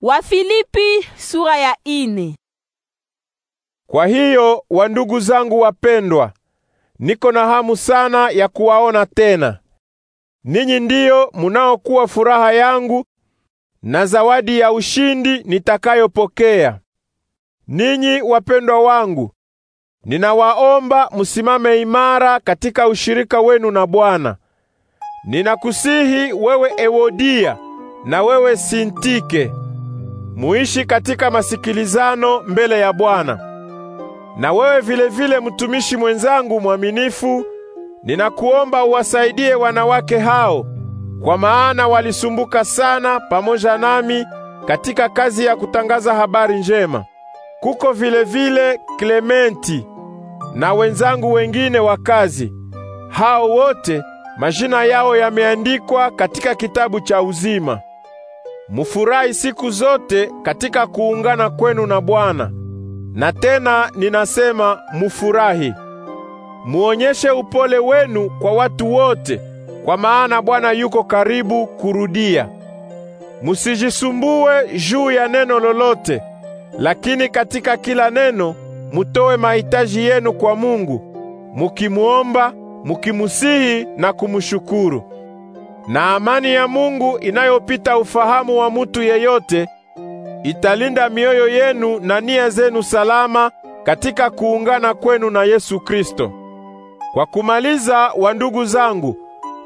Wafilipi sura ya ine. Kwa hiyo wandugu zangu wapendwa, niko na hamu sana ya kuwaona tena. Ninyi ndiyo munaokuwa furaha yangu na zawadi ya ushindi nitakayopokea. Ninyi wapendwa wangu, ninawaomba musimame imara katika ushirika wenu na Bwana. Ninakusihi wewe Ewodia na wewe Sintike muishi katika masikilizano mbele ya Bwana. Na wewe vile vile, mtumishi mwenzangu mwaminifu, ninakuomba uwasaidie wanawake hao, kwa maana walisumbuka sana pamoja nami katika kazi ya kutangaza habari njema. Kuko vile vile Klementi na wenzangu wengine wa kazi. Hao wote majina yao yameandikwa katika kitabu cha uzima. Mufurahi siku zote katika kuungana kwenu na Bwana. Na tena ninasema mufurahi. Muonyeshe upole wenu kwa watu wote, kwa maana Bwana yuko karibu kurudia. Musijisumbue juu ya neno lolote, lakini katika kila neno mutoe mahitaji yenu kwa Mungu, mukimuomba, mukimusihi na kumshukuru. Na amani ya Mungu inayopita ufahamu wa mutu yeyote italinda mioyo yenu na nia zenu salama katika kuungana kwenu na Yesu Kristo. Kwa kumaliza, wandugu zangu,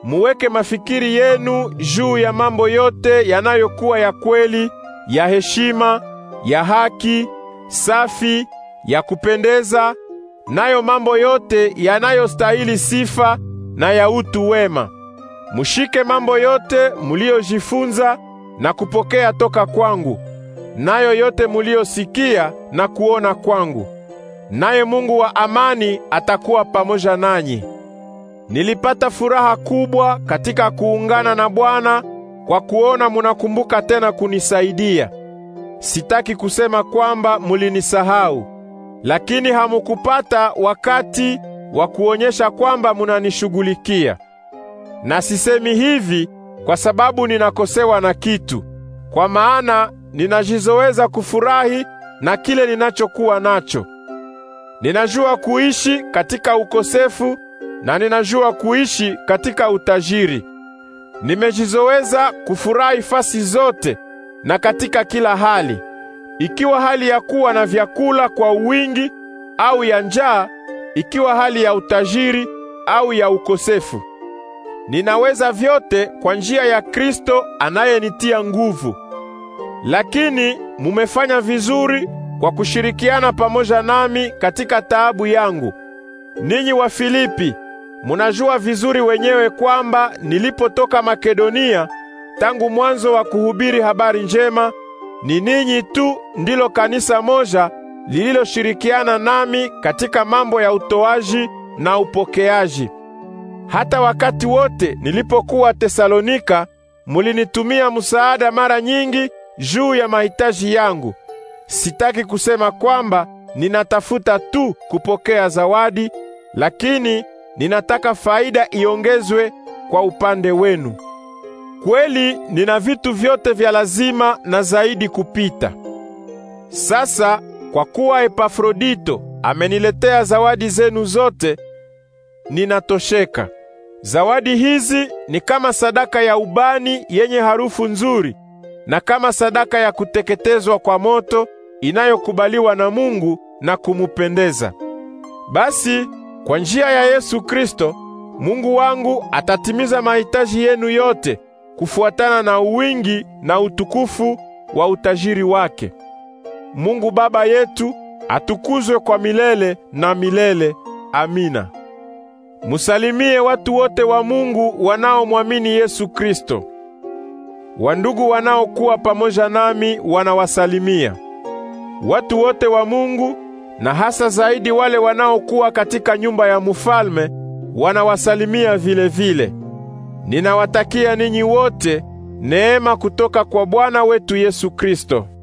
muweke mafikiri yenu juu ya mambo yote yanayokuwa ya kweli, ya heshima, ya haki, safi, ya kupendeza, nayo mambo yote yanayostahili sifa na ya utu wema. Mushike mambo yote muliyojifunza na kupokea toka kwangu, nayo yote muliyosikia na kuona kwangu, naye Mungu wa amani atakuwa pamoja nanyi. Nilipata furaha kubwa katika kuungana na Bwana kwa kuona munakumbuka tena kunisaidia. Sitaki kusema kwamba mulinisahau, lakini hamukupata wakati wa kuonyesha kwamba munanishughulikia na sisemi hivi kwa sababu ninakosewa na kitu, kwa maana ninajizoweza kufurahi na kile ninachokuwa nacho. Ninajua kuishi katika ukosefu na ninajua kuishi katika utajiri. Nimejizoweza kufurahi fasi zote na katika kila hali, ikiwa hali ya kuwa na vyakula kwa wingi au ya njaa, ikiwa hali ya utajiri au ya ukosefu. Ninaweza vyote kwa njia ya Kristo anayenitia nguvu. Lakini mumefanya vizuri kwa kushirikiana pamoja nami katika taabu yangu. Ninyi wa Filipi, munajua vizuri wenyewe kwamba nilipotoka Makedonia tangu mwanzo wa kuhubiri habari njema, ni ninyi tu ndilo kanisa moja lililoshirikiana nami katika mambo ya utoaji na upokeaji. Hata wakati wote nilipokuwa Tesalonika, mulinitumia msaada mara nyingi juu ya mahitaji yangu. Sitaki kusema kwamba ninatafuta tu kupokea zawadi, lakini ninataka faida iongezwe kwa upande wenu. Kweli nina vitu vyote vya lazima na zaidi kupita. Sasa kwa kuwa Epafrodito ameniletea zawadi zenu zote, ninatosheka. Zawadi hizi ni kama sadaka ya ubani yenye harufu nzuri na kama sadaka ya kuteketezwa kwa moto inayokubaliwa na Mungu na kumupendeza. Basi kwa njia ya Yesu Kristo, Mungu wangu atatimiza mahitaji yenu yote kufuatana na uwingi na utukufu wa utajiri wake. Mungu Baba yetu atukuzwe kwa milele na milele. Amina. Musalimie watu wote wa Mungu wanaomwamini Yesu Kristo. Wandugu wanaokuwa pamoja nami wanawasalimia. Watu wote wa Mungu na hasa zaidi wale wanaokuwa katika nyumba ya mfalme wanawasalimia vile vile. Ninawatakia ninyi wote neema kutoka kwa Bwana wetu Yesu Kristo.